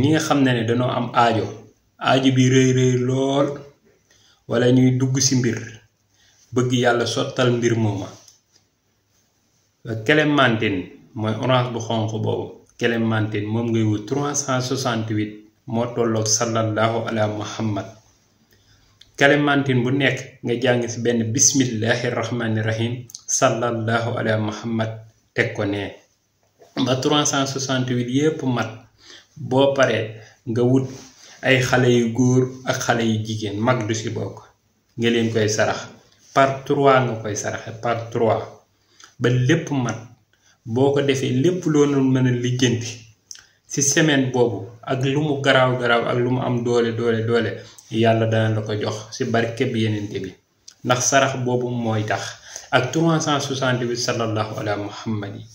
ñi nga xam na ne dañoo am ajo ajo bi rëy rëy lool walla ñuy dugg ci mbir bëgg yàlla sottal mbir mooma clémentine mooy orange bu xonq boobu clémentine moom ngay wut 368 moo tolloog sallallahu ala muhammad clémentine bu nekk nga jàng ci benn bismillahi rahmani rahim sallallahu ala muhammad teg ko ne ba 368 yépp mat boo paree nga wut ay xale yu góor ak xale yu jigéen mag du ci bokk nga leen koy sarax par trois nga koy saraxe par trois ba lépp man boo ko defee lépp loo doon mën a lijjanti si semaine boobu ak lu mu garaaw garaaw ak lu mu am doole doole doole yàlla dana la ko jox ci barkeb yeneen bi ndax sarax boobu mooy tax ak 368 sallallahu ala muhammad yi